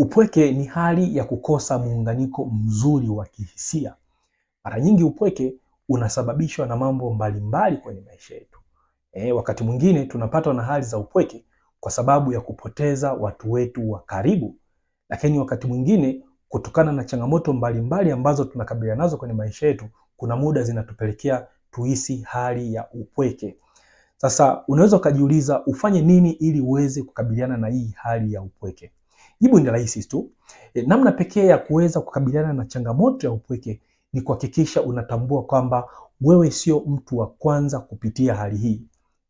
Upweke ni hali ya kukosa muunganiko mzuri wa kihisia. Mara nyingi upweke unasababishwa na mambo mbalimbali kwenye maisha yetu. E, wakati mwingine tunapatwa na hali za upweke kwa sababu ya kupoteza watu wetu wa karibu, lakini wakati mwingine kutokana na changamoto mbalimbali ambazo tunakabiliana nazo kwenye maisha yetu, kuna muda zinatupelekea tuhisi hali ya upweke. Sasa unaweza ukajiuliza ufanye nini ili uweze kukabiliana na hii hali ya upweke. Jibu ni rahisi tu. E, namna pekee ya kuweza kukabiliana na changamoto ya upweke ni kuhakikisha unatambua kwamba wewe sio mtu wa kwanza kupitia hali hii.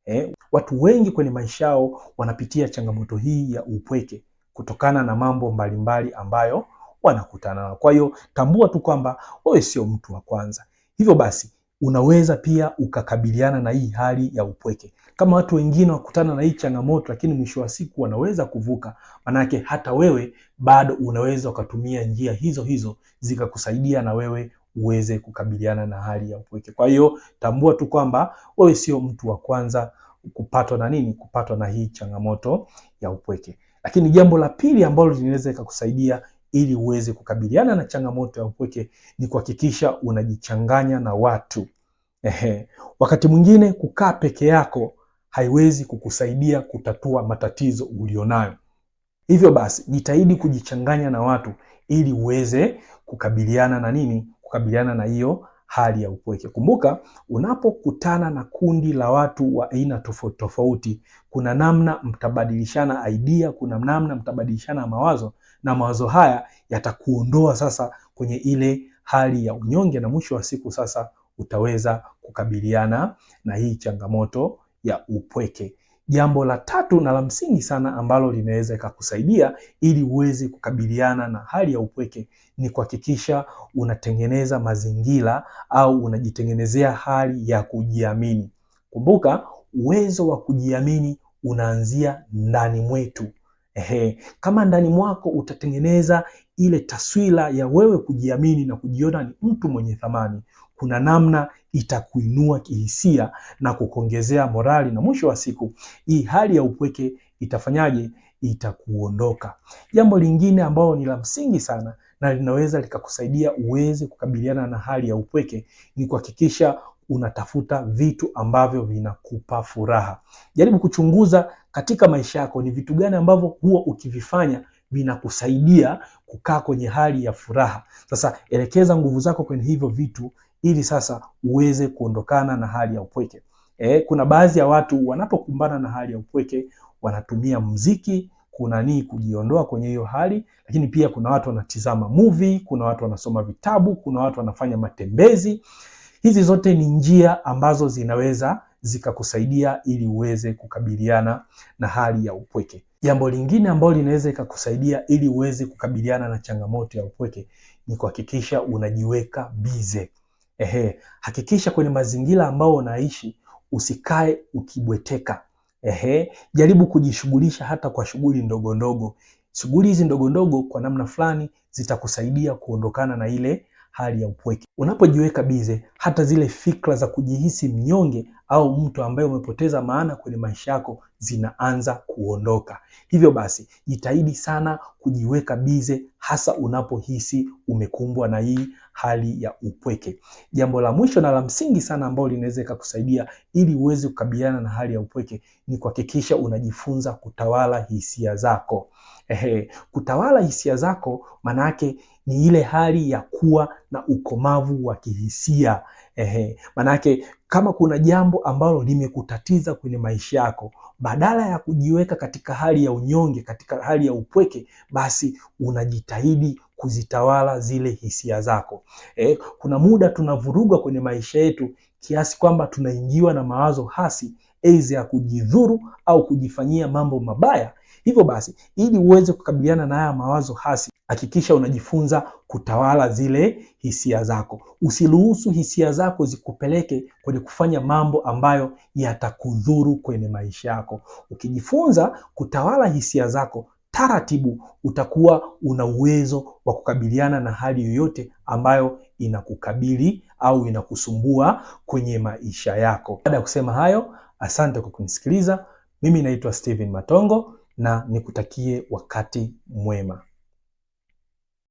E, watu wengi kwenye maisha yao wanapitia changamoto hii ya upweke kutokana na mambo mbalimbali ambayo wanakutana nayo. Kwa hiyo tambua tu kwamba wewe sio mtu wa kwanza. Hivyo basi unaweza pia ukakabiliana na hii hali ya upweke kama watu wengine wakutana na hii changamoto, lakini mwisho wa siku wanaweza kuvuka, manake hata wewe bado unaweza ukatumia njia hizo hizo zikakusaidia na wewe uweze kukabiliana na hali ya upweke. Kwa hiyo tambua tu kwamba wewe sio mtu wa kwanza kupatwa na nini, kupatwa na hii changamoto ya upweke. Lakini jambo la pili ambalo linaweza ikakusaidia ili uweze kukabiliana na changamoto ya upweke ni kuhakikisha unajichanganya na watu. Ehe, wakati mwingine kukaa peke yako haiwezi kukusaidia kutatua matatizo ulionayo. Hivyo basi jitahidi kujichanganya na watu ili uweze kukabiliana na nini? Kukabiliana na hiyo hali ya upweke. Kumbuka, unapokutana na kundi la watu wa aina tofauti tofauti, kuna namna mtabadilishana idea, kuna namna mtabadilishana mawazo, na mawazo haya yatakuondoa sasa kwenye ile hali ya unyonge, na mwisho wa siku sasa utaweza kukabiliana na hii changamoto ya upweke. Jambo la tatu na la msingi sana ambalo linaweza ikakusaidia ili uweze kukabiliana na hali ya upweke ni kuhakikisha unatengeneza mazingira au unajitengenezea hali ya kujiamini. Kumbuka, uwezo wa kujiamini unaanzia ndani mwetu. Ehe, kama ndani mwako utatengeneza ile taswira ya wewe kujiamini na kujiona ni mtu mwenye thamani, kuna namna itakuinua kihisia na kukuongezea morali, na mwisho wa siku hii hali ya upweke itafanyaje? Itakuondoka. Jambo lingine ambalo ni la msingi sana na linaweza likakusaidia uweze kukabiliana na hali ya upweke ni kuhakikisha unatafuta vitu ambavyo vinakupa furaha. Jaribu kuchunguza katika maisha yako, ni vitu gani ambavyo huwa ukivifanya vinakusaidia kukaa kwenye hali ya furaha. Sasa elekeza nguvu zako kwenye hivyo vitu ili sasa uweze kuondokana na hali ya upweke. E, kuna baadhi ya watu wanapokumbana na hali ya upweke wanatumia mziki kuna nini kujiondoa kwenye hiyo hali, lakini pia kuna watu wanatizama movie, kuna watu wanasoma vitabu, kuna watu wanafanya matembezi. Hizi zote ni njia ambazo zinaweza zikakusaidia ili uweze kukabiliana na hali ya upweke. Jambo lingine ambalo linaweza ikakusaidia ili uweze kukabiliana na changamoto ya upweke ni kuhakikisha unajiweka bize. Ehe, hakikisha kwenye mazingira ambayo unaishi usikae ukibweteka. Ehe, jaribu kujishughulisha hata kwa shughuli ndogo ndogo. Shughuli hizi ndogo ndogo kwa namna fulani zitakusaidia kuondokana na ile hali ya upweke. Unapojiweka bize, hata zile fikra za kujihisi mnyonge au mtu ambaye umepoteza maana kwenye maisha yako zinaanza kuondoka. Hivyo basi, jitahidi sana kujiweka bize, hasa unapohisi umekumbwa na hii hali ya upweke. Jambo la mwisho na la msingi sana ambalo linaweza ikakusaidia ili uweze kukabiliana na hali ya upweke ni kuhakikisha unajifunza kutawala hisia zako. Ehe, kutawala hisia zako maana yake ni ile hali ya kuwa na ukomavu wa kihisia. Ehe, manake kama kuna jambo ambalo limekutatiza kwenye maisha yako, badala ya kujiweka katika hali ya unyonge, katika hali ya upweke, basi unajitahidi kuzitawala zile hisia zako. E, kuna muda tunavurugwa kwenye maisha yetu kiasi kwamba tunaingiwa na mawazo hasi aidha ya kujidhuru au kujifanyia mambo mabaya. Hivyo basi, ili uweze kukabiliana na haya mawazo hasi, hakikisha unajifunza kutawala zile hisia zako. Usiruhusu hisia zako zikupeleke kwenye kufanya mambo ambayo yatakudhuru kwenye maisha yako. Ukijifunza kutawala hisia zako taratibu, utakuwa una uwezo wa kukabiliana na hali yoyote ambayo inakukabili au inakusumbua kwenye maisha yako. Baada ya kusema hayo Asante kwa kunisikiliza. Mimi naitwa Steven Matongo na nikutakie wakati mwema.